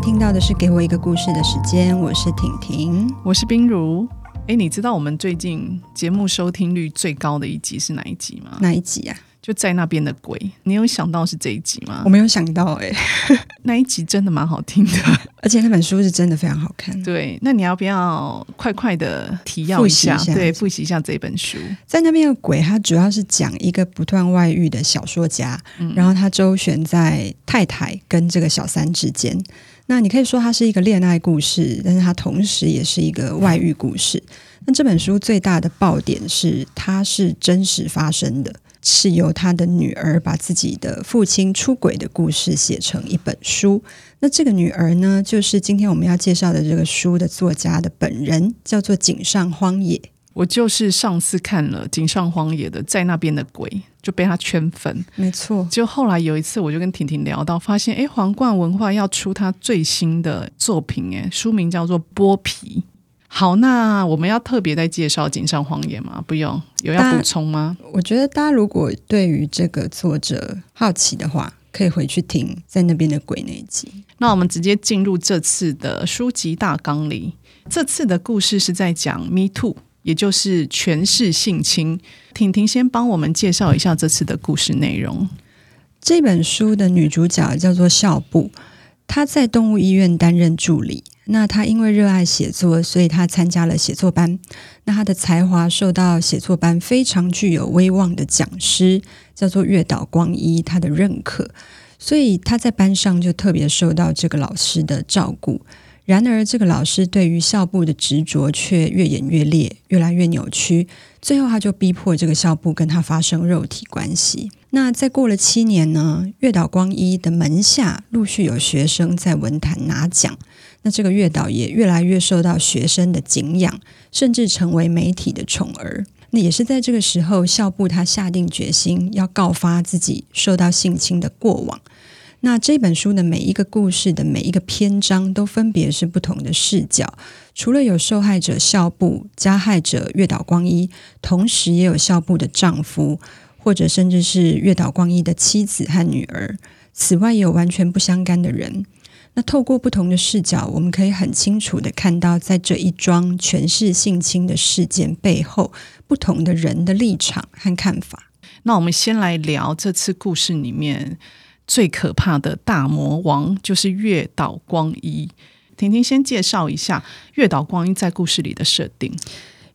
聽到的是“給我一個故事的時間”，我是婷婷，我是彬如。哎，你知道我們最近節目收聽率最高的一集是哪一集嗎？哪一集啊？就在那邊的鬼。你有想到是這一集嗎？我沒有想到、欸，哎， 那一集真的蠻好聽的，而且那本書是真的非常好看。 對，那你要不要快快的提要一下？複習一下對，複習一下這本書。在那邊的鬼，它主要是講一個不斷外遇的小說家，嗯、然後他周旋在太太跟這個小三之間。那你可以說它是一個戀愛故事，但是它同時也是一個外遇故事。那這本書最大的爆點是，它是真實發生的，是由他的女兒把自己的父親出軌的故事寫成一本書。那這個女兒呢，就是今天我們要介紹的這個書的作家的本人，叫做井上荒野。我就是上次看了井上荒野的《在那邊的鬼》。就被他圈粉，沒錯。就後來有一次，我就跟婷婷聊到，發現哎，皇冠文化要出他最新的作品，誒，書名叫做《剝皮》。好，那我們要特別再介紹井上荒野嗎？不用，有要補充嗎？我覺得大家如果對於這個作者好奇的話，可以回去聽在那邊的鬼那一集。那我們直接進入這次的書籍大綱裡。這次的故事是在講 Me Too。也就是權勢性侵，婷婷先幫我們介紹一下這次的故事內容。這本書的女主角叫做咲步，她在動物醫院擔任助理。那她因為熱愛寫作，所以她參加了寫作班。那她的才華受到寫作班非常具有威望的講師叫做月島光一她的認可，所以她在班上就特別受到這個老師的照顧。然而，這個老師對於咲步的執着卻越演越烈，越來越扭曲。最後，他就逼迫這個咲步跟他發生肉體關係。那再過了七年呢，月島光一的門下陸續有學生在文壇拿獎，那這個月島也越來越受到學生的敬仰，甚至成為媒體的寵兒。那也是在這個時候，咲步他下定決心要告發自己受到性侵的過往。那這本書的每一個故事的每一個篇章都分別是不同的視角，除了有受害者咲步、加害者月島光一，同時也有咲步的丈夫，或者甚至是月島光一的妻子和女兒。此外，也有完全不相干的人。那透過不同的視角，我們可以很清楚地看到，在這一樁權勢性侵的事件背後，不同的人的立場和看法。那我們先來聊這次故事裡面。最可怕的大魔王就是月島光一。婷婷先介紹一下月島光一在故事裡的設定。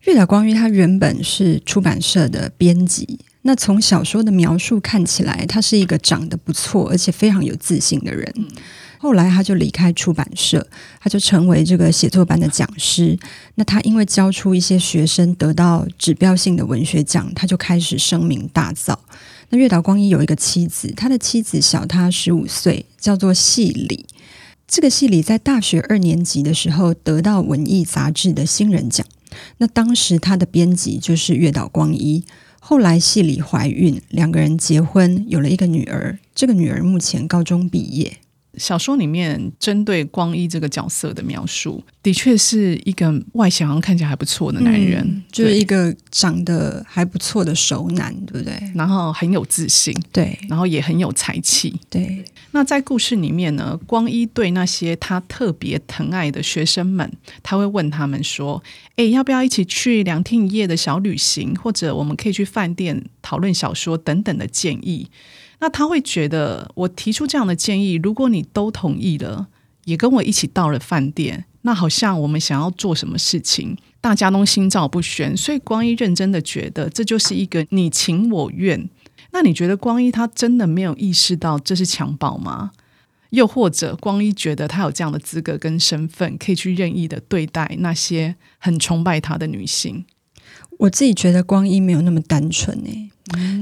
月島光一他原本是出版社的編輯。那從小說的描述看起來，他是一個長得不錯而且非常有自信的人。後來他就離開出版社，他就成為這個寫作班的講師。那他因為教出一些學生得到指標性的文學獎，他就開始聲名大噪。那月島光一有一個妻子，他的妻子小他十五歲，叫做系里。這個系里在大學二年級的時候得到文藝雜誌的新人獎。那當時他的編輯就是月島光一。後來系里懷孕，兩個人結婚，有了一個女兒。這個女兒目前高中畢業。小說裡面針對光一這個角色的描述，的確是一個外形好像看起來還不錯的男人，嗯、就是一個長得還不錯的熟男，對不對？然後很有自信，對，然後也很有才氣，對。那在故事裡面呢，光一對那些他特別疼愛的學生們，他會問他們說：“哎、欸，要不要一起去兩天一夜的小旅行？或者我們可以去飯店討論小說等等的建議。”那他會覺得我提出這樣的建議，如果你都同意了，也跟我一起到了飯店，那好像我們想要做什麼事情，大家都心照不宣。所以光一認真的覺得這就是一個你情我願。那你覺得光一他真的沒有意識到這是強暴嗎？又或者光一覺得他有這樣的資格跟身份，可以去任意的對待那些很崇拜他的女性？我自己覺得光一沒有那麼單純誒、欸，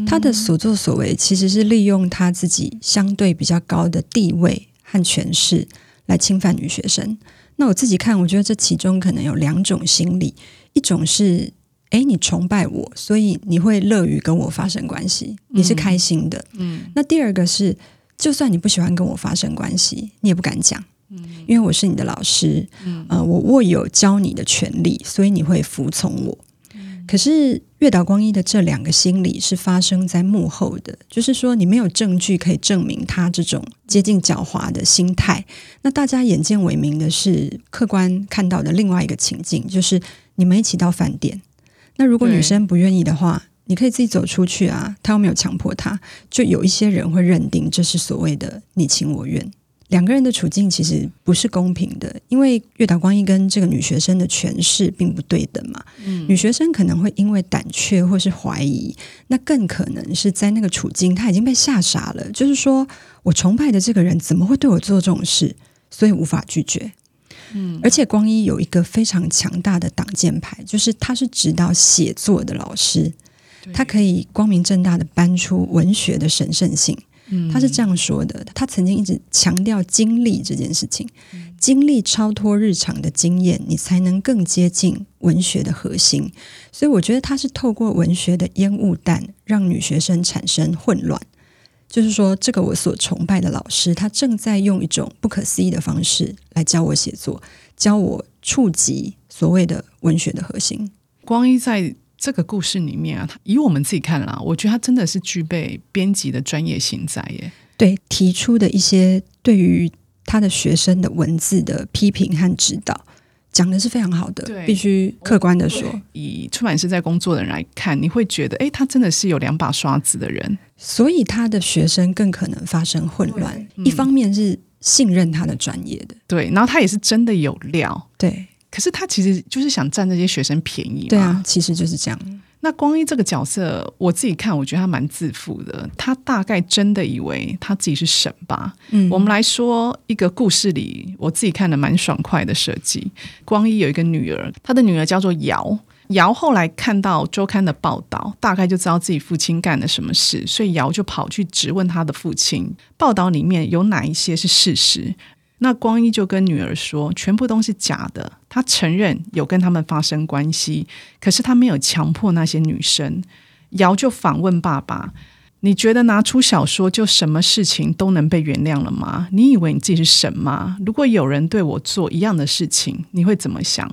他的所作所為其實是利用他自己相對比較高的地位和權勢來侵犯女學生。那我自己看，我覺得這其中可能有兩種心理：一種是，哎，你崇拜我，所以你會樂於跟我發生關係，你是開心的。嗯。嗯，那第二個是，就算你不喜歡跟我發生關係，你也不敢講，因為我是你的老師，嗯、呃，我握有教你的權利，所以你會服從我。可是月島光一的這兩個心理是發生在幕後的，就是說你沒有證據可以證明他這種接近狡猾的心態。那大家眼見為明的是客觀看到的另外一個情境，就是你們一起到飯店。那如果女生不願意的話，嗯、你可以自己走出去啊，他又沒有強迫他，就有一些人會認定這是所謂的你情我願。兩個人的處境其實不是公平的，因為月島光一跟這個女學生的權勢並不對等嘛。嗯、女學生可能會因為膽怯或是懷疑，那更可能是在那個處境，她已經被嚇傻了。就是說我崇拜的這個人怎麼會對我做這種事，所以無法拒絕。嗯、而且光一有一個非常強大的擋箭牌，就是他是指導寫作的老師，他對可以光明正大的搬出文學的神聖性。他是這樣說的，他曾經一直強調經歷這件事情，經歷超脫日常的經驗，你才能更接近文學的核心。所以，我覺得他是透過文學的煙霧彈，讓女學生產生混亂。就是說，這個我所崇拜的老師，他正在用一種不可思議的方式來教我寫作，教我觸及所謂的文學的核心。光一在這個故事裡面啊，他以我們自己看啦、啊，我覺得他真的是具備編輯的專業性在耶。對，提出的一些對於他的學生的文字的批評和指導，講的是非常好的。對，必須客觀的說，以出版社在工作的人來看，你會覺得，哎，他真的是有兩把刷子的人。所以他的學生更可能發生混亂，對一方面是信任他的專業的，對，然後他也是真的有料，對。可是他其實就是想占那些學生便宜。對啊，其實就是這樣。那光一這個角色，我自己看，我覺得他蠻自負的。他大概真的以為他自己是神吧？嗯，我們來說一個故事裡，我自己看的蠻爽快的設計。光一有一個女兒，他的女兒叫做瑤瑤。瑤後來看到周刊的報道，大概就知道自己父親幹了什麼事，所以瑤就跑去質問他的父親，報道裡面有哪一些是事實？那光一就跟女兒說，全部都是假的。他承認有跟他們發生關係，可是他沒有強迫那些女生。瑤就反問爸爸：“你覺得拿出小說就什麼事情都能被原諒了嗎？你以為你自己是神嗎？如果有人對我做一樣的事情，你會怎麼想？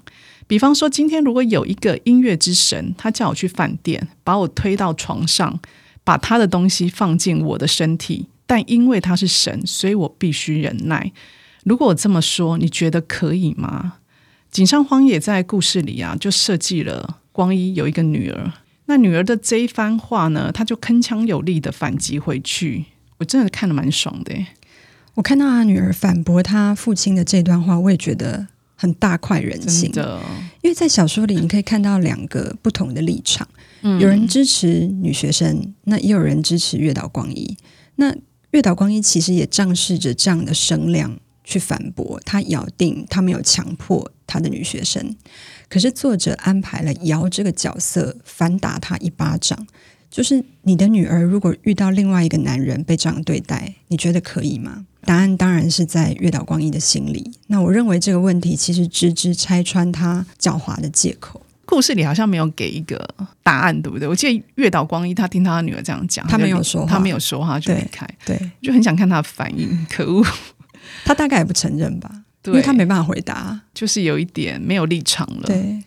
比方說，今天如果有一個音樂之神，他叫我去飯店，把我推到床上，把他的東西放進我的身體，但因為他是神，所以我必須忍耐。”如果我這麼說，你覺得可以嗎？井上荒野在故事裡啊，就設計了光一有一個女兒。那女兒的這一番話呢，她就鏗鏘有力的反擊回去。我真的看得蠻爽的、欸。我看到他女兒反駁她父親的這段話，我也覺得很大快人心的。真的。因為在小說裡，你可以看到兩個不同的立場：，嗯、有人支持女學生，那也有人支持月島光一。那月島光一其實也仗勢着這樣的聲量。去反駁他，咬定他沒有強迫他的女學生。可是作者安排了姚這個角色反打他一巴掌，就是你的女兒如果遇到另外一個男人被這樣對待，你覺得可以嗎？答案當然是在月島光一的心裡。那我認為這個問題其實直直拆穿他狡猾的借口。故事裡好像沒有給一個答案，對不對？我記得月島光一他聽他女兒這樣講，他沒有說話，他，他沒有說話，他對就離開，對，就很想看他的反應。嗯、可惡。他大概也不承認吧，對因為他沒辦法回答，就是有一點沒有立場了。對，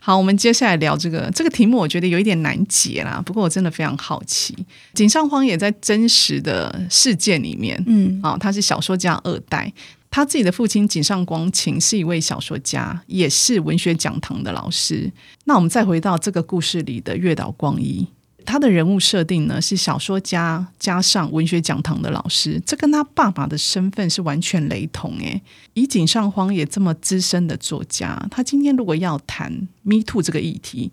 好，我們接下來聊這個這個題目，我覺得有一點難解啦。不過我真的非常好奇，井上荒野在真實的事件裡面，嗯，哦，他是小說家二代，他自己的父親井上光晴是一位小說家，也是文學講堂的老師。那我們再回到這個故事裡的月島光一。他的人物設定呢，是小說家加上文學講堂的老師，這跟他爸爸的身份是完全雷同誒，以井上荒野這麼資深的作家，他今天如果要談 “Me Too” 這個議題，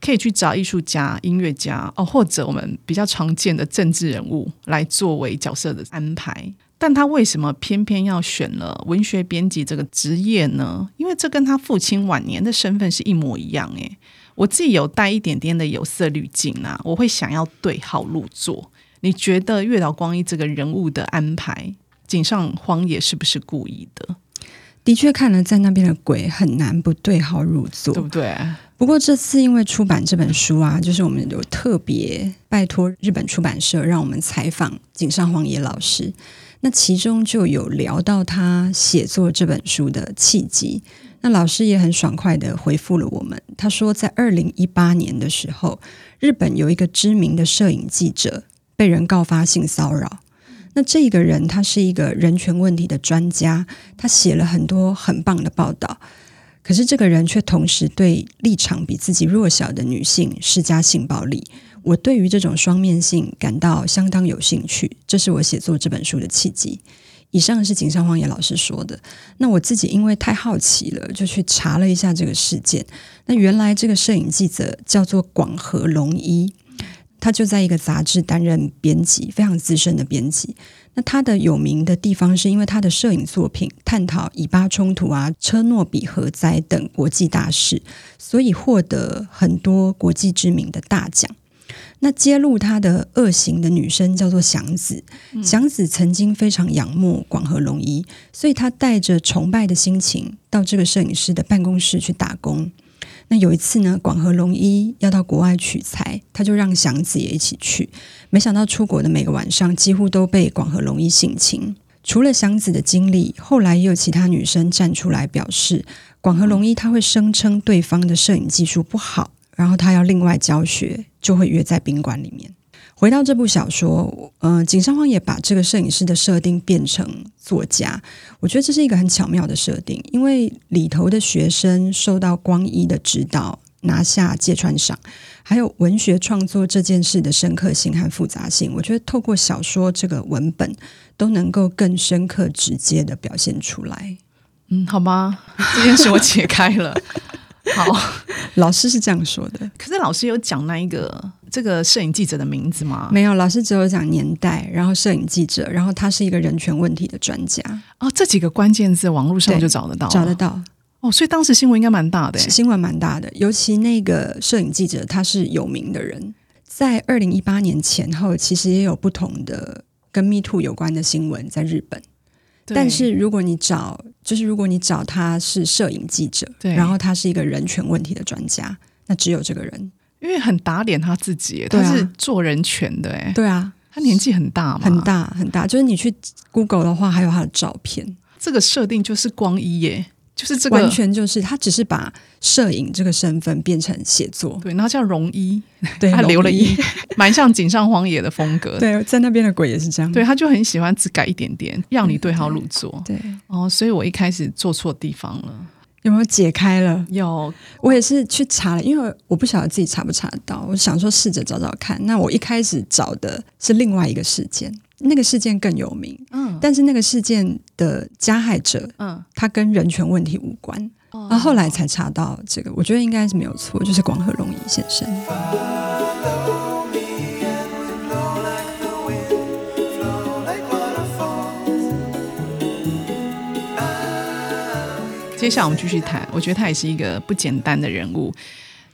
可以去找藝術家、音樂家哦，或者我們比較常見的政治人物來作為角色的安排。但他為什麼偏偏要選了文學編輯這個職業呢？因為這跟他父親晚年的身份是一模一樣誒。我自己有帶一點點的有色濾鏡啊，我會想要對號入座。你覺得月島光一這個人物的安排，井上荒野是不是故意的？的確，看了在那邊的鬼很難不對號入座，對不對啊？不過這次因為出版這本書啊，就是我們有特別拜托日本出版社讓我們採訪井上荒野老師，那其中就有聊到他寫作這本書的契機。那老師也很爽快地回覆了我們，他說在二零一八年的時候，日本有一個知名的攝影記者被人告發性騷擾。那這個人他是一個人權問題的專家，他寫了很多很棒的報道，可是這個人卻同時對立場比自己弱小的女性施加性暴力。我對於這種雙面性感到相當有興趣，這是我寫作這本書的契機。以上是井上荒野老師說的。那我自己因為太好奇了，就去查了一下這個事件。那原來這個攝影記者叫做廣河隆一，他就在一個雜誌擔任編輯，非常資深的編輯。那他的有名的地方是因為他的攝影作品探討以巴衝突啊、車諾比核災等國際大事，所以獲得很多國際知名的大獎。他揭露他的惡行的女生叫做祥子，嗯、祥子曾經非常仰慕廣河隆一，所以他帶着崇拜的心情到這個攝影師的辦公室去打工。那有一次呢，廣河隆一要到國外取材，他就讓祥子也一起去。沒想到出國的每個晚上，幾乎都被廣河隆一性侵。除了祥子的經歷，後來也有其他女生站出來表示，廣河隆一他會聲稱對方的攝影技術不好，然後他要另外教學。就會約在賓館裡面。回到這部小說，嗯、呃，井上荒野把這個攝影師的設定變成作家，我覺得這是一個很巧妙的設定，因為裡頭的學生受到光一的指導，拿下芥川賞，還有文學創作這件事的深刻性和複雜性，我覺得透過小說這個文本都能夠更深刻、直接的表現出來。嗯，好嗎？ 這件事我解開了。 好， 老師是這樣說的。可是老師有講那一個這個攝影記者的名字嗎？沒有，老師只有講年代，然後攝影記者，然後他是一個人權問題的專家。哦，這幾個關鍵字網絡上就找得到，找得到。哦，所以當時新聞應該蠻大的，新聞蠻大的。尤其那個攝影記者他是有名的人，在二零一八年前後，其實也有不同的跟 Me Too 有關的新聞在日本。對但是，如果你找，就是如果你找他是攝影記者，對然後他是一個人權問題的專家，那只有這個人，因為很打臉他自己，對啊，他是做人權的，對啊，他年紀很大嘛，很大很大，就是你去 Google 的話，還有他的照片，這個設定就是光一耶。就是這個，完全就是他只是把攝影這個身份變成寫作，對，然後叫隆一，對他留了一，衣蠻像井上荒野的風格，對，在那邊的鬼也是這樣，對，他就很喜歡只改一點點，讓你對號入座，對，對哦，所以我一開始做錯地方了，有沒有解開了？有要，我也是去查了，因為我不曉得自己查不查得到，我想說試着找找看。那我一開始找的是另外一個事件。那個事件更有名，嗯，但是那個事件的加害者，嗯，他跟人權問題無關，啊、嗯，然後，後來才查到這個，我覺得應該是沒有錯，就是廣河隆一先生。嗯、接下來我們繼續談，我覺得他也是一個不簡單的人物。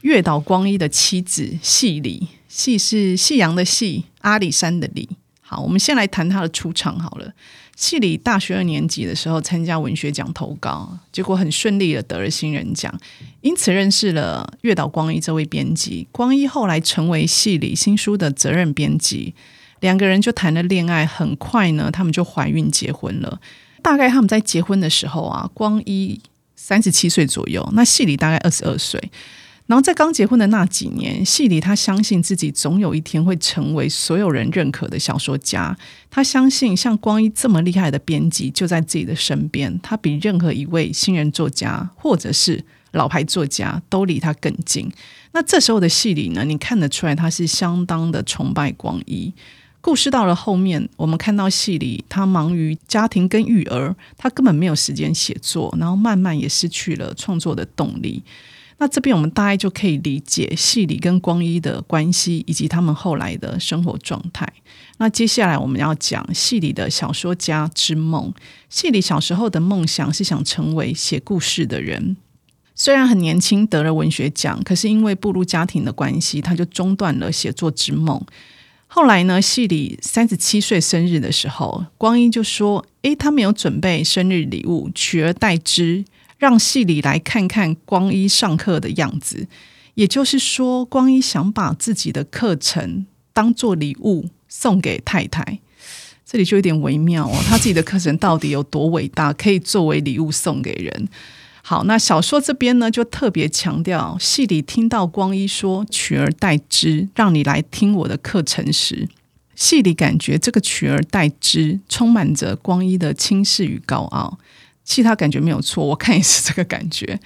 月島光一的妻子，夕里，夕是夕陽的夕，阿里山的里。我們先來談他的出場好了。系里大學二年級的時候參加文學獎投稿，結果很順利的得了新人獎，因此認識了月島光一這位編輯。光一後來成為系里新書的責任編輯，兩個人就談了戀愛。很快呢，他們就懷孕結婚了。大概他們在結婚的時候啊，光一三十七歲左右，那系里大概二十二歲。然後在剛結婚的那幾年，戲裡他相信自己總有一天會成為所有人認可的小說家。他相信像光一這麼厲害的編輯就在自己的身邊，他比任何一位新人作家或者是老牌作家都離他更近。那這時候的戲裡呢，你看得出來他是相當的崇拜光一。故事到了後面，我們看到戲裡他忙於家庭跟育兒，他根本沒有時間寫作，然後慢慢也失去了創作的動力。那這邊我們大概就可以理解戲里跟光一的關係，以及他們後來的生活狀態。那接下來我們要講戲里的小說家之夢。戲里小時候的夢想是想成為寫故事的人，雖然很年輕得了文學獎，可是因為步入家庭的關係，他就中斷了寫作之夢。後來呢，戲里三十七歲生日的時候，光一就說：“誒，他沒有準備生日禮物，取而代之。”讓咲步來看看光一上課的樣子，也就是說，光一想把自己的課程當做禮物送給太太，這裡就有點微妙哦。他自己的課程到底有多偉大，可以作為禮物送給人？好，那小說這邊呢，就特別強調咲步聽到光一說“取而代之”，讓你來聽我的課程時，咲步感覺這個“取而代之”充滿着光一的輕視與高傲。其他感覺沒有錯，我看也是這個感覺。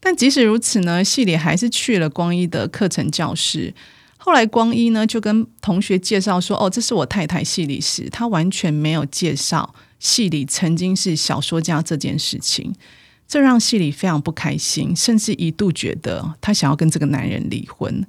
但即使如此呢，系里還是去了光一的課程教室。後來光一呢就跟同學介紹說：“哦，這是我太太。”系里時，他完全沒有介紹系里曾經是小說家這件事情，這讓系里非常不開心，甚至一度覺得她想要跟這個男人離婚。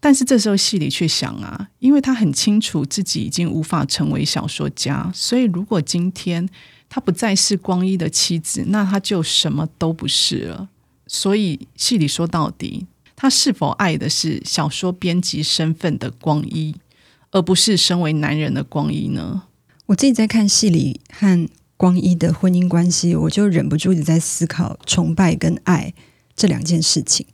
但是這時候系里卻想啊，因為他很清楚自己已經無法成為小說家，所以如果今天。她不再是光一的妻子，那她就什麼都不是了。所以戲里說到底，她是否愛的是小說編輯身份的光一，而不是身為男人的光一呢？我自己在看戲里和光一的婚姻關係，我就忍不住在思考崇拜跟愛這兩件事情。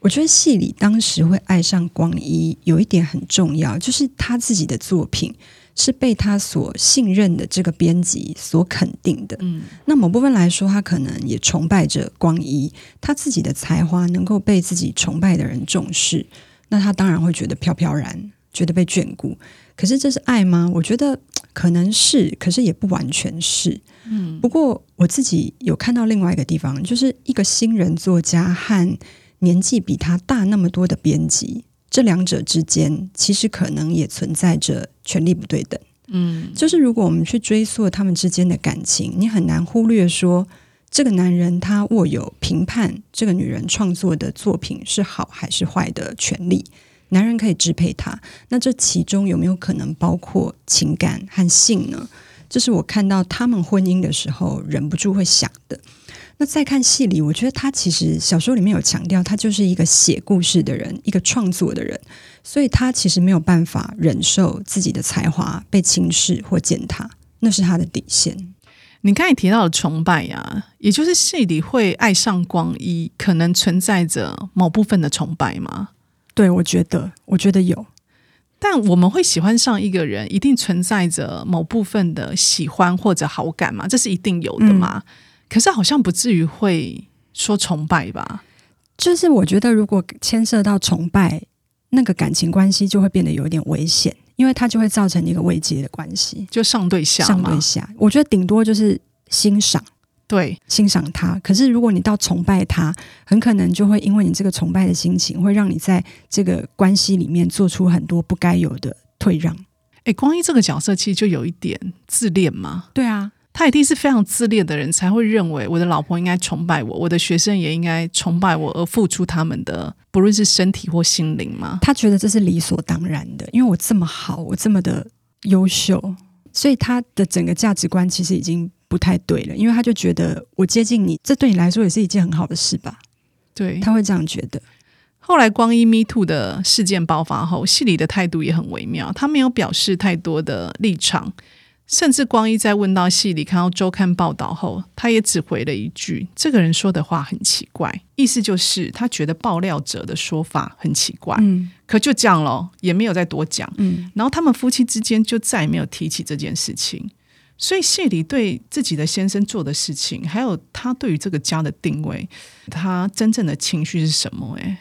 我覺得戲里當時會愛上光一，有一點很重要，就是他自己的作品，是被他所信任的這個編輯所肯定的。嗯，那某部分來說，他可能也崇拜着光一，他自己的才華能夠被自己崇拜的人重視，那他當然會覺得飄飄然，覺得被眷顧。可是這是愛嗎？我覺得可能是，可是也不完全是。嗯，不過我自己有看到另外一個地方，就是一個新人作家和年紀比他大那麼多的編輯。這兩者之間，其實可能也存在着權力不對等。嗯，就是如果我們去追溯他們之間的感情，你很難忽略說，這個男人他握有評判這個女人創作的作品是好還是壞的權利，男人可以支配他。那這其中有沒有可能包括情感和性呢？這是我看到他們婚姻的時候忍不住會想的。那再看咲步，我覺得他其實小說裡面有強調，他就是一個寫故事的人，一個創作的人，所以他其實沒有辦法忍受自己的才華被輕視或踐踏，那是他的底線。你剛才提到的崇拜呀、啊，也就是咲步會愛上光一，可能存在着某部分的崇拜嗎？對，我覺得，我覺得有。但我們會喜歡上一個人，一定存在着某部分的喜歡或者好感嘛？這是一定有的嘛？嗯可是好像不至於會說崇拜吧，就是我覺得如果牽涉到崇拜，那個感情關係就會變得有點危險，因為它就會造成一個位階的關係，就上對下，上對下。我覺得頂多就是欣賞，對，欣賞他。可是如果你到崇拜他，很可能就會因為你這個崇拜的心情，會讓你在這個關係裡面做出很多不該有的退讓。哎、欸，光一這個角色其實就有一點自戀嗎？對啊。他一定是非常自戀的人，才會認為我的老婆應該崇拜我，我的學生也應該崇拜我，而付出他們的不論是身體或心靈嗎？他覺得這是理所當然的，因為我這麼好，我這麼的優秀，所以他的整個價值觀其實已經不太對了，因為他就覺得我接近你，這對你來說也是一件很好的事吧？對，他會這樣覺得。後來光一 MeToo 的事件爆發後，戲裡的態度也很微妙，他沒有表示太多的立場。甚至光一在問到謝里看到周刊報道後，他也只回了一句：“這個人說的話很奇怪，意思就是他覺得爆料者的說法很奇怪。”嗯，可就這樣了，也沒有再多講。嗯，然後他們夫妻之間就再也沒有提起這件事情。所以謝里對自己的先生做的事情，還有他對於這個家的定位，他真正的情緒是什麼？欸。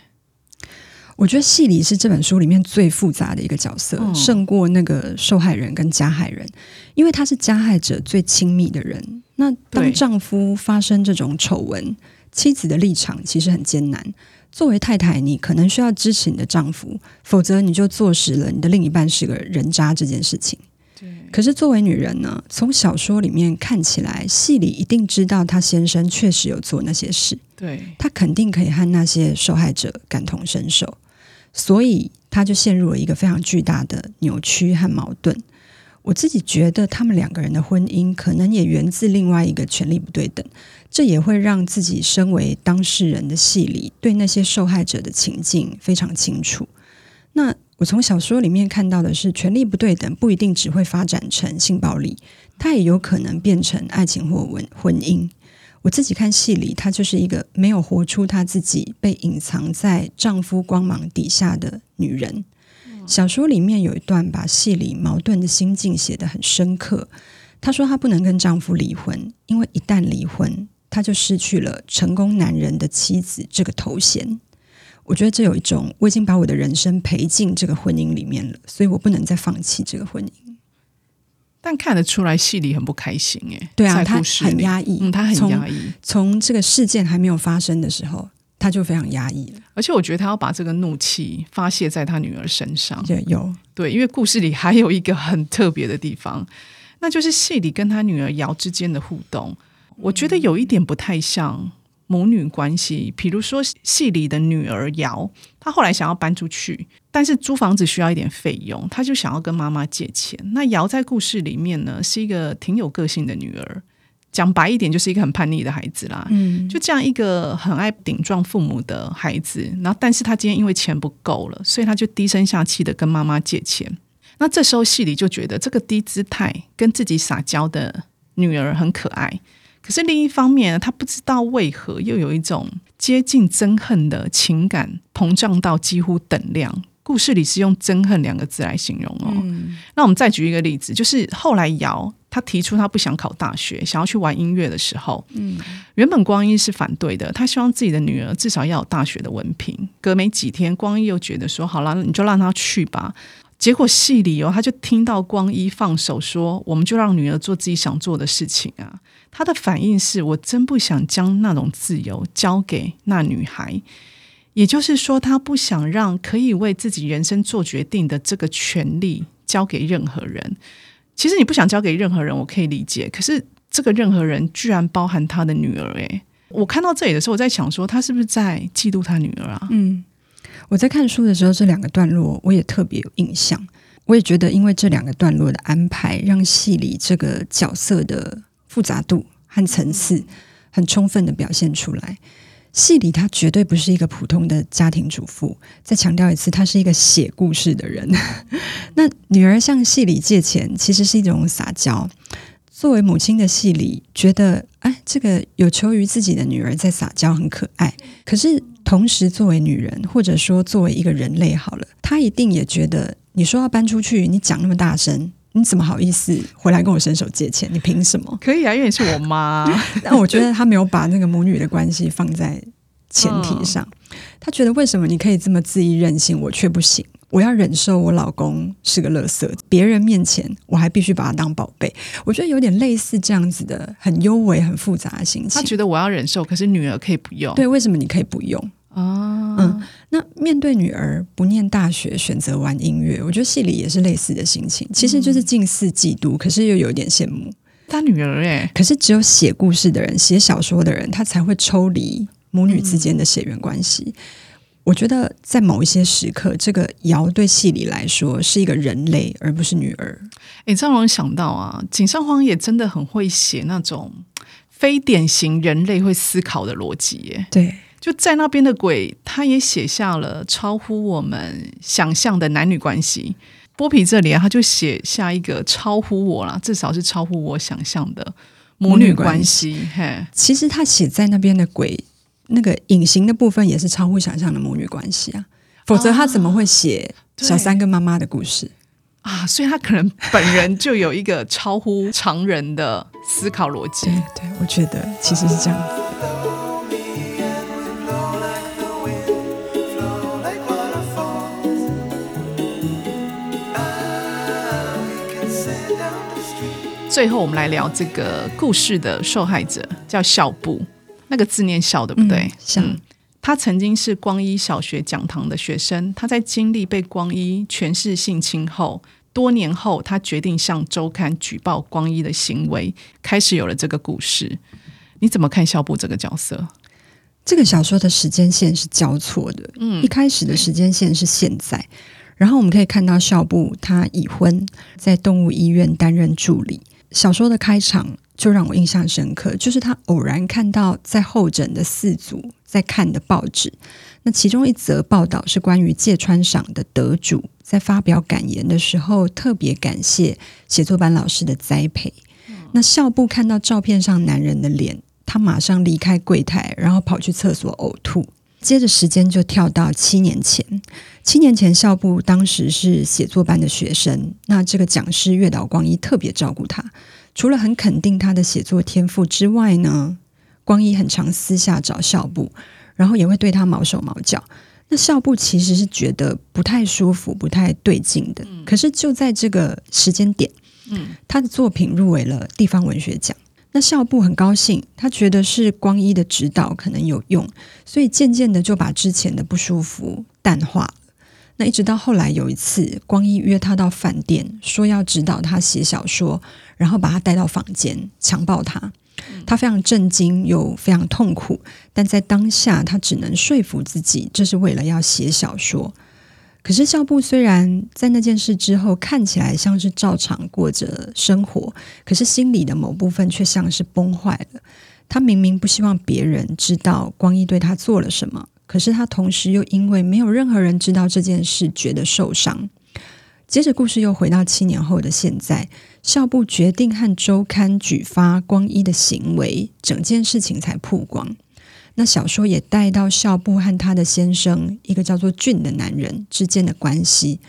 我覺得戲里是這本書裡面最複雜的一個角色，哦，勝過那個受害人跟加害人，因為他是加害者最親密的人。那當丈夫發生這種醜聞，對妻子的立場其實很艱難。作為太太，你可能需要支持你的丈夫，否則你就坐實了你的另一半是個人渣這件事情。對，可是作為女人呢，從小說裡面看起來，戲里一定知道她先生確實有做那些事。對，她肯定可以和那些受害者感同身受。所以他就陷入了一個非常巨大的扭曲和矛盾。我自己覺得他們兩個人的婚姻可能也源自另外一個權力不對等，這也會讓自己身為當事人的咲步對那些受害者的情境非常清楚。那我從小說裡面看到的是，權力不對等不一定只會發展成性暴力，它也有可能變成愛情或文婚姻。我自己看戲裡，她就是一個沒有活出她自己，被隱藏在丈夫光芒底下的女人。小說裡面有一段把戲裡矛盾的心境寫得很深刻。她說她不能跟丈夫離婚，因為一旦離婚，她就失去了成功男人的妻子這個頭銜。我覺得這有一種，我已經把我的人生賠進這個婚姻裡面了，所以我不能再放棄這個婚姻。但看得出來，戲裡很不開心耶，對啊，他很壓抑，嗯，他很壓抑。從，從這個事件還沒有發生的時候，他就非常壓抑了。而且我覺得他要把這個怒氣發洩在他女兒身上。也有，對，因為故事裡還有一個很特別的地方，那就是戲裡跟他女兒姚之間的互動，嗯，我覺得有一點不太像。母女關係，比如說戲裡的女兒瑤，她後來想要搬出去，但是租房子需要一點費用，她就想要跟媽媽借錢。那瑤在故事裡面呢，是一個挺有個性的女兒，講白一點，就是一個很叛逆的孩子啦。嗯，就這樣一個很愛頂撞父母的孩子，然後，但是她今天因為錢不夠了，所以她就低聲下氣的跟媽媽借錢。那這時候戲裡就覺得這個低姿態跟自己撒嬌的女兒很可愛。可是另一方面他，不知道為何又有一種接近憎恨的情感膨脹到幾乎等量。故事裡是用憎恨兩個字來形容哦。嗯、那我們再舉一個例子，就是後來姚他提出他不想考大學，想要去玩音樂的時候，嗯、原本光一是反對的，他希望自己的女兒至少要有大學的文憑。隔沒幾天，光一又覺得說，好啦，你就讓他去吧。結果戲裡哦，他就聽到光一放手說：“我們就讓女兒做自己想做的事情啊。”他的反應是我真不想將那種自由交給那女孩，也就是說，他不想讓可以為自己人生做決定的這個權利交給任何人。其實你不想交給任何人，我可以理解。可是這個任何人居然包含他的女兒誒，我看到這裡的時候，我在想說，他是不是在嫉妒他女兒啊？嗯。我在看書的時候，這兩個段落我也特別有印象。我也覺得，因為這兩個段落的安排，讓戲里這個角色的複雜度和層次很充分地表現出來。戲里她絕對不是一個普通的家庭主婦。再強調一次，她是一個寫故事的人。 那女兒向戲里借錢，其實是一種撒嬌。作為母親的戲里，覺得哎，這個有求於自己的女兒在撒嬌，很可愛。可是。同時，作為女人，或者說作為一個人類，好了，她一定也覺得你說要搬出去，你講那麼大聲，你怎麼好意思回來跟我伸手借錢？你憑什麼？可以啊，因為是我媽。但 我覺得她沒有把那個母女的關係放在前提上。她、嗯、覺得為什麼你可以這麼恣意任性，我卻不行？我要忍受我老公是個垃圾，別人面前我還必須把他當寶貝。我覺得有點類似這樣子的很幽微、很複雜的心情。她覺得我要忍受，可是女兒可以不用。對，為什麼你可以不用？哦，啊、嗯，那面對女兒不念大學，選擇玩音樂，我覺得戲裡也是類似的心情，其實就是近似嫉妒，嗯、可是又有點羨慕她女兒哎。可是只有寫故事的人，寫小說的人，他才會抽離母女之間的血緣關係。嗯、我覺得在某一些時刻，這個瑤對戲裡來說是一個人類，而不是女兒。誒，這讓我想到啊。井上荒野真的很會寫那種非典型人類會思考的邏輯耶，哎，對。就《在那邊的鬼》，他也寫下了超乎我們想象的男女關係。《剝皮》這裡啊，他就寫下一個超乎我啦，至少是超乎我想象的母女關係。關係嘿，其實他寫《在那邊的鬼》，那個隱形的部分也是超乎想象的母女關係啊。否則他怎麼會寫小三跟媽媽的故事啊？啊，所以他可能本人就有一個超乎常人的思考邏輯。 對對，我覺得其實是這樣子。最後，我們來聊這個故事的受害者，叫咲步，那個字念“笑”對不對？嗯、像、嗯、他曾經是光一小學講堂的學生，他在經歷被光一權勢性侵後，多年後他決定向周刊舉報光一的行為，開始有了這個故事。你怎麼看咲步這個角色？這個小說的時間線是交錯的，嗯，一開始的時間線是現在，然後我們可以看到咲步他已婚，在動物醫院擔任助理。小說的開場就讓我印象深刻，就是他偶然看到在候診的咲步在看的報紙，那其中一則報道是關於芥川賞的得主在發表感言的時候特別感謝寫作班老師的栽培。嗯、那咲步看到照片上男人的臉，他馬上離開櫃檯，然後跑去廁所嘔吐。接着時間就跳到七年前，七年前咲步當時是寫作班的學生。那這個講師月島光一特別照顧他，除了很肯定他的寫作天賦之外呢，光一很常私下找咲步，然後也會對他毛手毛腳。那咲步其實是覺得不太舒服，不太對勁的。可是就在這個時間點，嗯，他的作品入圍了地方文學獎。那咲步很高興，她覺得是光一的指導可能有用，所以漸漸的就把之前的不舒服淡化了。那一直到後來有一次，光一約她到飯店，說要指導她寫小說，然後把她帶到房間強暴她。她非常震驚又非常痛苦，但在當下她只能說服自己，這是為了要寫小說。可是咲步雖然在那件事之後看起來像是照常過着生活，可是心裡的某部分卻像是崩壞了。他明明不希望別人知道光一對他做了什麼，可是他同時又因為沒有任何人知道這件事，覺得受傷。接着故事又回到七年後的現在，咲步決定和周刊舉發光一的行為，整件事情才曝光。那小說也帶到咲步和他的先生，一個叫做俊的男人之間的關係。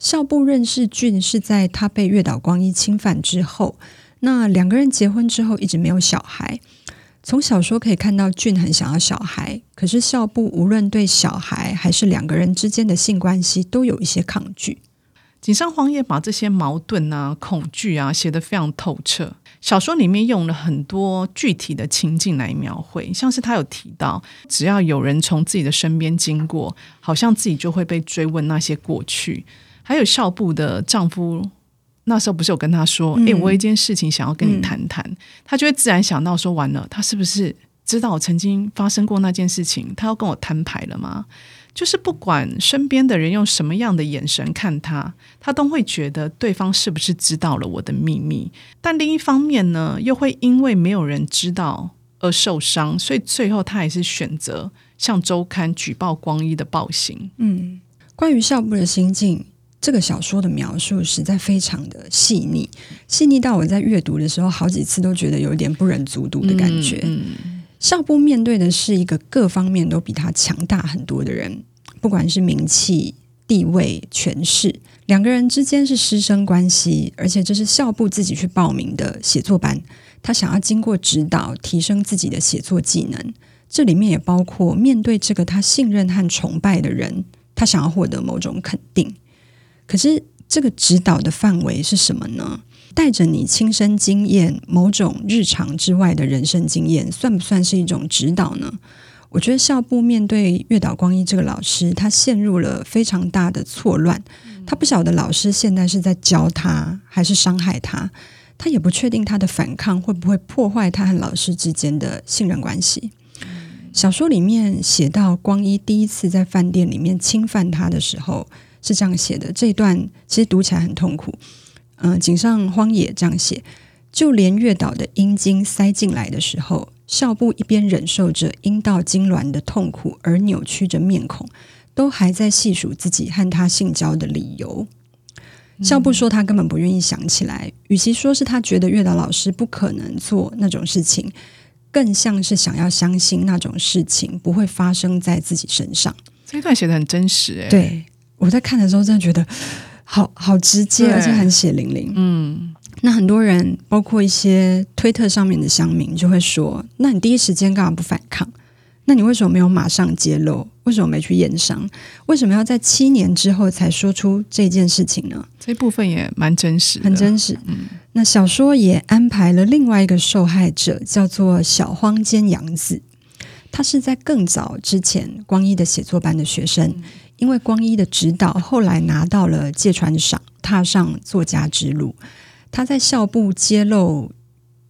咲步認識俊是在他被月島光一侵犯之後。那兩個人結婚之後一直沒有小孩。從小說可以看到，俊很想要小孩，可是咲步無論對小孩還是兩個人之間的性關係，都有一些抗拒。井上荒野把這些矛盾啊、恐懼啊寫得非常透徹。小說裡面用了很多具體的情境來描繪，像是他有提到，只要有人從自己的身邊經過，好像自己就會被追問那些過去。還有咲步的丈夫，那時候不是有跟他說：“誒、嗯欸，我有一件事情想要跟你談談。嗯”他就會自然想到說：“完了，他是不是知道我曾經發生過那件事情？他要跟我攤牌了嗎？”就是不管身邊的人用什麼樣的眼神看他，他都會覺得對方是不是知道了我的秘密。但另一方面呢，又會因為沒有人知道而受傷，所以最後他也是選擇向周刊舉報光一的暴行。嗯，關於咲步的心境，這個小說的描述實在非常的細膩，細膩到我在閱讀的時候好幾次都覺得有點不忍卒讀的感覺。嗯嗯咲步面對的是一個各方面都比他強大很多的人，不管是名氣、地位、權勢，兩個人之間是師生關係，而且這是咲步自己去報名的寫作班，她想要經過指導提升自己的寫作技能，這裡面也包括面對這個他信任和崇拜的人，她想要獲得某種肯定，可是這個指導的範圍是什麼呢？帶着你親身經驗，某種日常之外的人生經驗，算不算是一種指導呢？我覺得咲步面對月島光一這個老師，他陷入了非常大的錯亂。他不曉得老師現在是在教他，還是傷害他。他也不確定他的反抗會不會破壞他和老師之間的信任關係。小說裡面寫到，光一第一次在飯店裡面侵犯他的時候，是這樣寫的。這段其實讀起來很痛苦。嗯、呃，井上荒野這樣寫，就連月島的陰莖塞進來的時候，咲步一邊忍受着陰道痙攣的痛苦，而扭曲着面孔，都還在細數自己和他性交的理由。咲步說他根本不願意想起來，嗯、與其說是他覺得月島老師不可能做那種事情，更像是想要相信那種事情不會發生在自己身上。這一段寫的很真實、欸，誒，對，我在看的時候真的覺得。好好直接，對而且很血淋淋。嗯，那很多人，包括一些推特上面的鄉民，就會說：“那你第一時間幹嘛不反抗？那你為什麼沒有馬上揭露？為什麼沒去驗傷？為什麼要在七年之後才說出這件事情呢？”這一部分也蠻真實，很真實。嗯，那小說也安排了另外一個受害者，叫做小荒間洋子，他是在更早之前光一的寫作班的學生。嗯因為光一的指導，後來拿到了芥川賞，踏上作家之路。他在校部揭露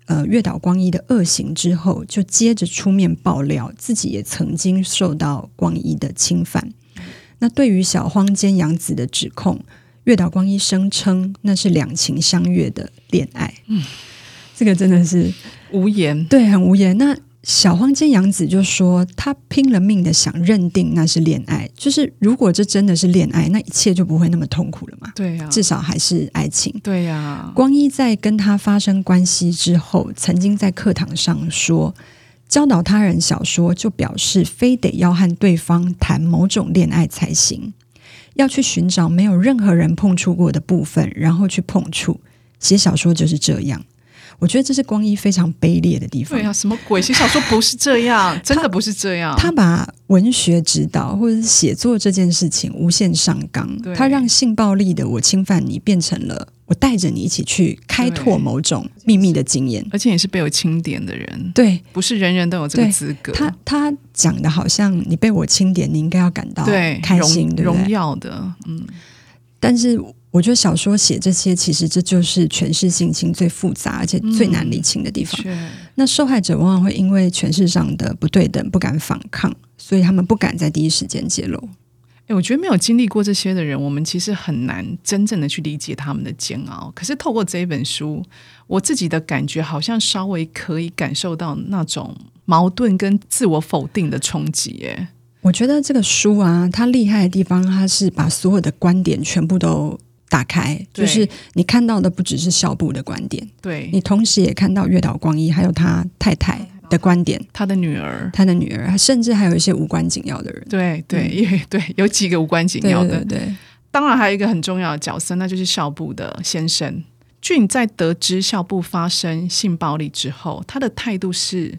呃月島光一的惡行之後，就接着出面爆料自己也曾經受到光一的侵犯。那對於小荒間洋子的指控，月島光一聲稱那是兩情相悅的戀愛。嗯，這個真的是無言，對，很無言。那。小荒間洋子就說：“她拼了命的想認定那是戀愛，就是如果這真的是戀愛，那一切就不會那麼痛苦了嘛？對啊，至少還是愛情。對啊，光一在跟她發生關係之後，曾經在課堂上說，教導他人小說，就表示非得要和對方談某種戀愛才行，要去尋找沒有任何人碰觸過的部分，然後去碰觸。寫小說就是這樣。”我覺得這是光一非常卑劣的地方。對呀、啊，什麼鬼？寫小說不是這樣， 他真的不是這樣。他把文學指導或者是寫作這件事情無限上綱，對他讓性暴力的我侵犯你變成了我帶着你一起去開拓某種秘密的經驗，而且，而且你是被我欽點的人。對，不是人人都有這個資格。他他講的，好像你被我欽點，你應該要感到對開心對榮、榮耀的。對對嗯，但是。我覺得小說寫這些，其實這就是權勢性侵最複雜，而且最難理清的地方。嗯、那受害者往往會因為權勢上的不對等，不敢反抗，所以他們不敢在第一時間揭露。誒、欸，我覺得沒有經歷過這些的人，我們其實很難真正的去理解他們的煎熬。可是透過這一本書，我自己的感覺好像稍微可以感受到那種矛盾跟自我否定的衝擊。誒，我覺得這個書啊，它厲害的地方，它是把所有的觀點全部都打開，對就是你看到的不只是咲步的觀點，對你同時也看到月島光一還有他太太的觀點，他的女兒，他的女兒，甚至還有一些無關緊要的人。對對，也對,對,對，有幾個無關緊要的。對,對,對,對，當然還有一個很重要的角色，那就是咲步的先生俊，在得知咲步發生性暴力之後，他的態度是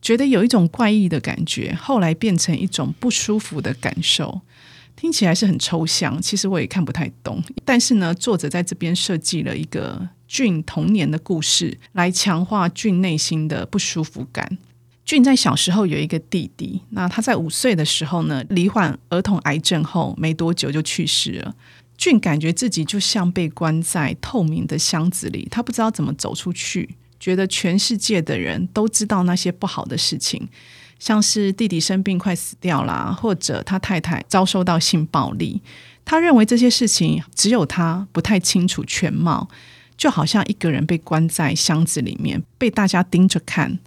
覺得有一種怪異的感覺，後來變成一種不舒服的感受。聽起來是很抽象，其實我也看不太懂。但是呢，作者在這邊設計了一個俊童年的故事，來強化俊內心的不舒服感。俊在小時候有一個弟弟，那他在五歲的時候呢，罹患兒童癌症後沒多久就去世了。俊感覺自己就像被關在透明的箱子裡，他不知道怎麼走出去，覺得全世界的人都知道那些不好的事情。像是弟弟生病快死掉了，或者他太太遭受到性暴力，他認為這些事情只有他不太清楚全貌，就好像一個人被關在箱子裡面，被大家盯着看，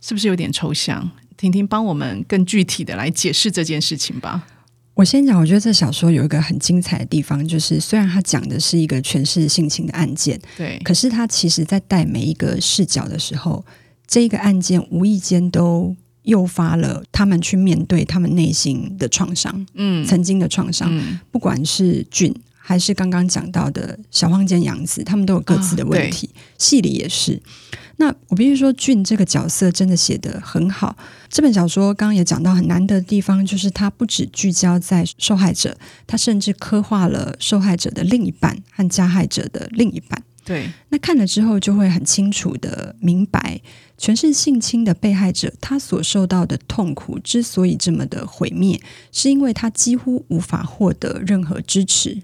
是不是有點抽象？婷婷幫我們更具體的來解釋這件事情吧。我先講，我覺得這小說有一個很精彩的地方，就是雖然他講的是一個權勢性侵的案件，對，可是他其實在帶每一個視角的時候，這一個案件無意間都。誘發了他們去面對他們內心的創傷，嗯，曾經的創傷，嗯、不管是俊還是剛剛講到的小黃間楊子，他們都有各自的問題。啊、戲裡也是。那我必須說，俊這個角色真的寫得很好。這本小說剛剛也講到，很難得的地方就是它不只聚焦在受害者，它甚至刻畫了受害者的另一半和加害者的另一半。對，那看了之後就會很清楚的明白，權勢性侵的被害者，他所受到的痛苦之所以這麼的毀滅，是因為他幾乎無法獲得任何支持，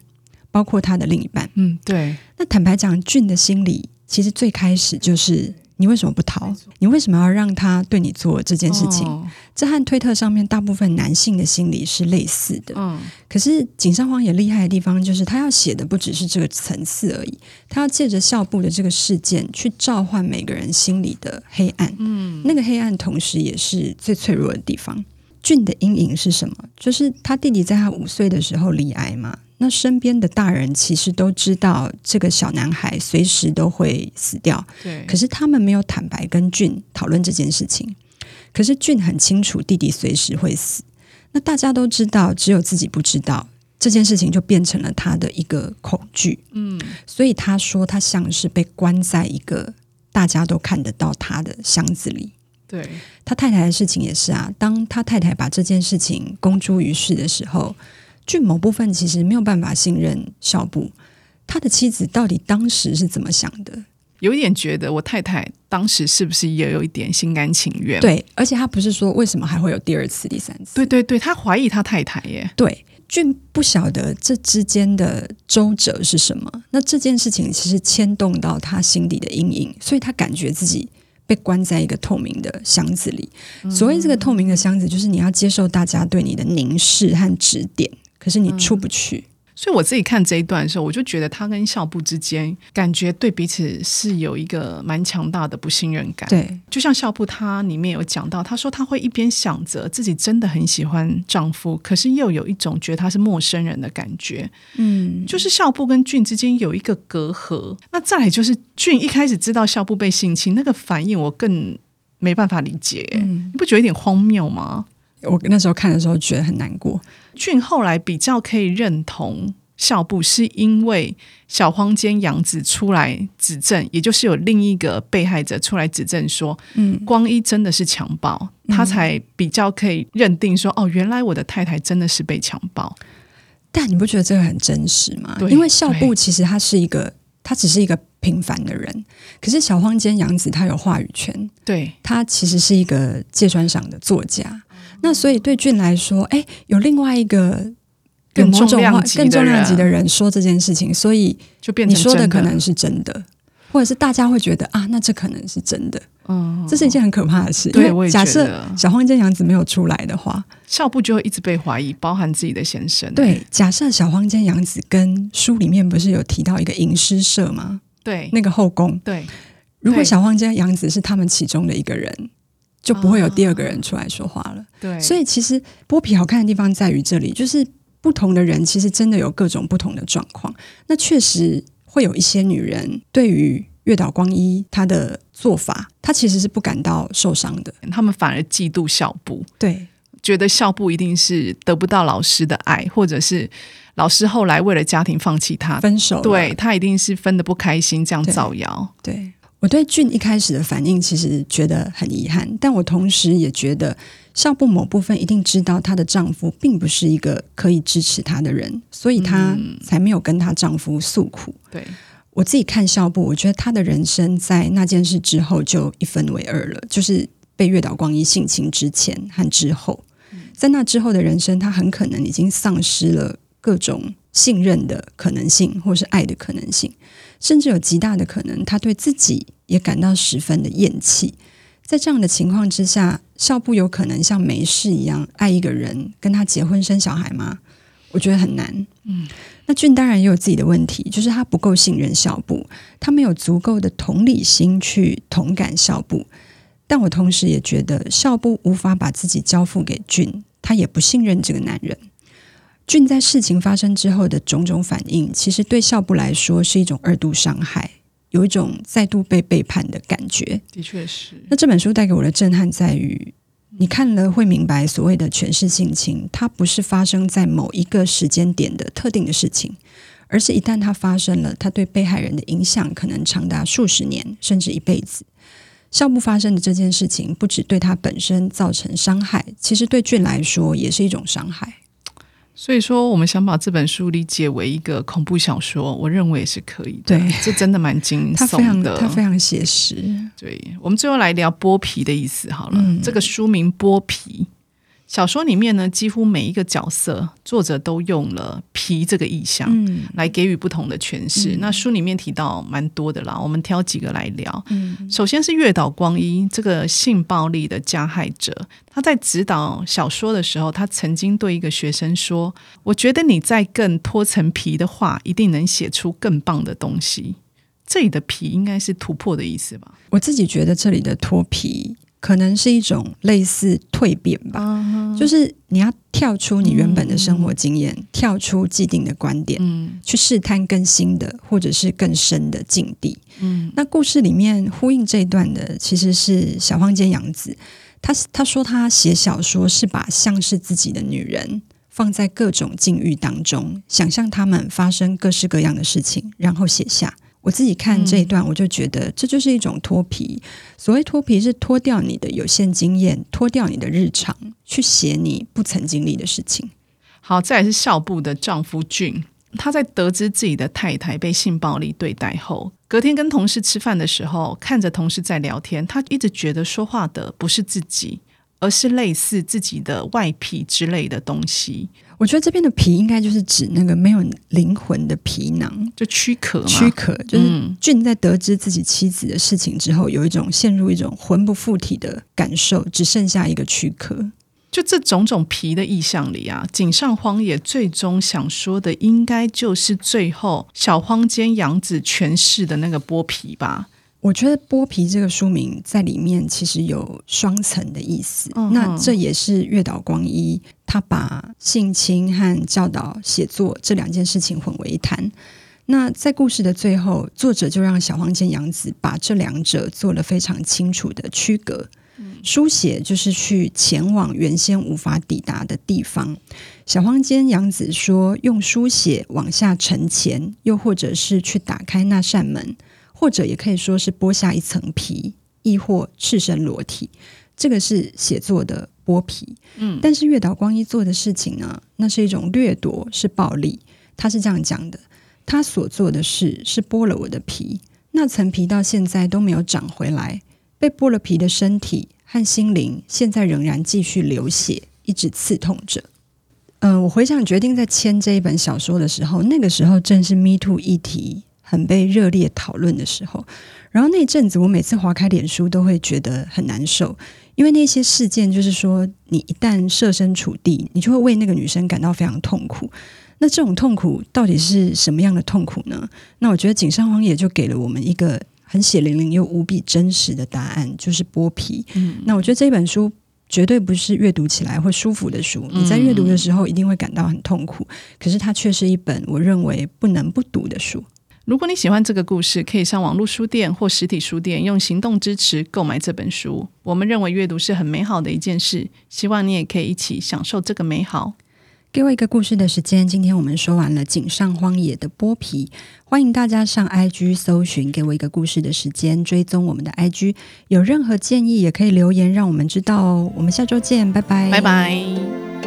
包括他的另一半。嗯，對。那坦白講，俊的心理其實最開始就是。你為什麼不逃？沒錯。你為什麼要讓他對你做這件事情？哦、這和推特上面大部分男性的心理是類似的。哦、可是，井上荒野厲害的地方就是，他要寫的不只是這個層次而已。他要借着咲步的這個事件，去召喚每個人心裡的黑暗。嗯，那個黑暗同時也是最脆弱的地方。俊的陰影是什麼？就是他弟弟在他五歲的時候罹癌嘛。那身邊的大人其實都知道這個小男孩隨時都會死掉，對。可是他們沒有坦白跟俊討論這件事情。可是俊很清楚弟弟隨時會死。那大家都知道，只有自己不知道，這件事情就變成了他的一個恐懼。嗯。所以他說他像是被關在一個大家都看得到他的箱子裡。對。他太太的事情也是啊。當他太太把這件事情公諸於世的時候。俊某部分其實沒有辦法信任咲步，他的妻子到底當時是怎麼想的？有一點覺得，我太太當時是不是也有一點心甘情願？對，而且他不是說為什麼還會有第二次、第三次？對對對，他懷疑他太太耶。對，俊不曉得這之間的周折是什麼。那這件事情其實牽動到他心底的陰影，所以他感覺自己被關在一個透明的箱子裡。嗯。所謂這個透明的箱子，就是你要接受大家對你的凝視和指點。可是你出不去，嗯，所以我自己看這一段的時候，我就覺得他跟咲步之間感覺對彼此是有一個蠻強大的不信任感。對，就像咲步他裡面有講到，他說他會一邊想着自己真的很喜歡丈夫，可是又有一種覺得他是陌生人的感覺。嗯，就是咲步跟俊之間有一個隔閡。那再來就是俊一開始知道咲步被性侵，那個反應我更沒辦法理解。嗯、你不覺得有點荒謬嗎？我那時候看的時候覺得很難過。俊後來比較可以認同咲步，是因為小荒間陽子出來指證，也就是有另一個被害者出來指證說，嗯，光一真的是強暴，嗯、他才比較可以認定說，哦，原來我的太太真的是被強暴。但你不覺得這個很真實嗎？對因為咲步其實他是一個，對他只是一個平凡的人，可是小荒間陽子他有話語權，對他其實是一個芥川賞的作家。那所以對俊來說，哎，有另外一個更重量級、更重量級的人說這件事情，所以就變成你說的可能是真的，真的或者是大家會覺得啊，那這可能是真的。嗯，這是一件很可怕的事。對，我也覺得。假設小黃間楊子沒有出來的話，咲步就會一直被懷疑，包含自己的先生。對，假設小黃間楊子跟書裡面不是有提到一個吟詩社嗎？對，那個後宮。對，對，如果小黃間楊子是他們其中的一個人，就不會有第二個人出來說話了。哦、對，所以其實剝皮好看的地方在於這裡，就是不同的人其實真的有各種不同的狀況。那確實會有一些女人對於月島光一她的做法，她其實是不感到受傷的，她們反而嫉妒咲步。對，覺得咲步一定是得不到老師的愛，或者是老師後來為了家庭放棄她，分手，對，她一定是分得不開心，這樣造謠。對。對我對俊一開始的反應，其實覺得很遺憾，但我同時也覺得，咲步某部分一定知道她的丈夫並不是一個可以支持她的人，所以她才沒有跟她丈夫訴苦。嗯、對，我自己看咲步，我覺得她的人生在那件事之後就一分為二了，就是被月島光一性侵之前和之後，在那之後的人生，她很可能已經喪失了各種信任的可能性，或是愛的可能性。甚至有極大的可能，他對自己也感到十分的厭棄。在這樣的情況之下，咲步有可能像沒事一樣愛一個人，跟他結婚生小孩嗎？我覺得很難。嗯，那俊當然也有自己的問題，就是他不夠信任咲步，他沒有足夠的同理心去同感咲步。但我同時也覺得，咲步無法把自己交付給俊，他也不信任這個男人。俊在事情發生之後的種種反應，其實對咲步來說是一種二度傷害，有一種再度被背叛的感覺。的確是。那這本書帶給我的震撼在於，你看了會明白，所謂的權勢性侵，它不是發生在某一個時間點的特定的事情，而是一旦它發生了，它對被害人的影響可能長達數十年，甚至一輩子。咲步發生的這件事情，不只對他本身造成傷害，其實對俊來說也是一種傷害。所以說，我們想把這本書理解為一個恐怖小說，我認為也是可以的。對，這真的蠻驚悚的，它非常，它非常寫實。對，我們最後來聊剝皮的意思好了。嗯、這個書名“剝皮”。小說裡面呢，幾乎每一個角色，作者都用了“皮”這個意象，嗯，來給予不同的詮釋。嗯、那書裡面提到蠻多的啦，我們挑幾個來聊。嗯，首先是月島光一這個性暴力的加害者，他在指導小說的時候，他曾經對一個學生說：“我覺得你再更脫層皮的話，一定能寫出更棒的東西。”這裡的“皮”應該是突破的意思吧？我自己覺得這裡的“脫皮”。可能是一種類似蛻變吧，uh huh. 就是你要跳出你原本的生活經驗，mm hmm. 跳出既定的觀點，mm hmm. 去試探更新的或者是更深的境地。Mm hmm. 那故事裡面呼應這一段的，其實是小芳兼洋子，他他說他寫小說是把像是自己的女人放在各種境遇當中，想象他們發生各式各樣的事情，然後寫下，我自己看這一段，我就覺得這就是一種脫皮。嗯、所謂脫皮，是脫掉你的有限經驗，脫掉你的日常，去寫你不曾經歷的事情。好，再來是咲步的丈夫俊，他在得知自己的太太被性暴力對待後，隔天跟同事吃飯的時候，看着同事在聊天，他一直覺得說話的不是自己，而是類似自己的外皮之類的東西。我覺得這邊的皮應該就是指那個沒有靈魂的皮囊，就軀殼。軀殼就是俊在得知自己妻子的事情之後，嗯、有一種陷入一種魂不附體的感受，只剩下一個軀殼。就這種種皮的意象裡啊，井上荒野最終想說的，應該就是最後小荒間洋子詮釋的那個剝皮吧。我覺得“剝皮”這個書名在裡面其實有雙層的意思。哦哦，那這也是月島光一他把性侵和教導寫作這兩件事情混為一談。那在故事的最後，作者就讓小黃間楊子把這兩者做了非常清楚的區隔。嗯、書寫就是去前往原先無法抵達的地方。小黃間楊子說：“用書寫往下沉潛，又或者是去打開那扇門。”或者也可以說是剝下一層皮，抑或赤身裸體，這個是寫作的剝皮。嗯，但是月島光一做的事情呢，那是一種掠奪，是暴力。他是這樣講的：他所做的事是剝了我的皮，那層皮到現在都沒有長回來。被剝了皮的身體和心靈，現在仍然繼續流血，一直刺痛着。嗯、呃，我回想決定在簽這一本小說的時候，那個時候正是 Me Too 議題很被熱烈討論的時候，然後那一陣子，我每次滑開臉書都會覺得很難受，因為那些事件就是說，你一旦設身處地，你就會為那個女生感到非常痛苦。那這種痛苦到底是什麼樣的痛苦呢？那我覺得《井上荒野》就給了我們一個很血淋淋又無比真實的答案，就是剝皮。嗯、那我覺得這本書絕對不是閱讀起來會舒服的書，你在閱讀的時候一定會感到很痛苦，嗯、可是它卻是一本我認為不能不讀的書。如果你喜歡這個故事，可以上網絡書店或實體書店用行動支持購買這本書。我們認為閱讀是很美好的一件事，希望你也可以一起享受這個美好。給我一個故事的時間，今天我們說完了井上荒野的剝皮，歡迎大家上 IG 搜尋“給我一個故事的時間”，追蹤我們的 IG。有任何建議也可以留言讓我們知道哦。我們下周見，拜拜，拜拜。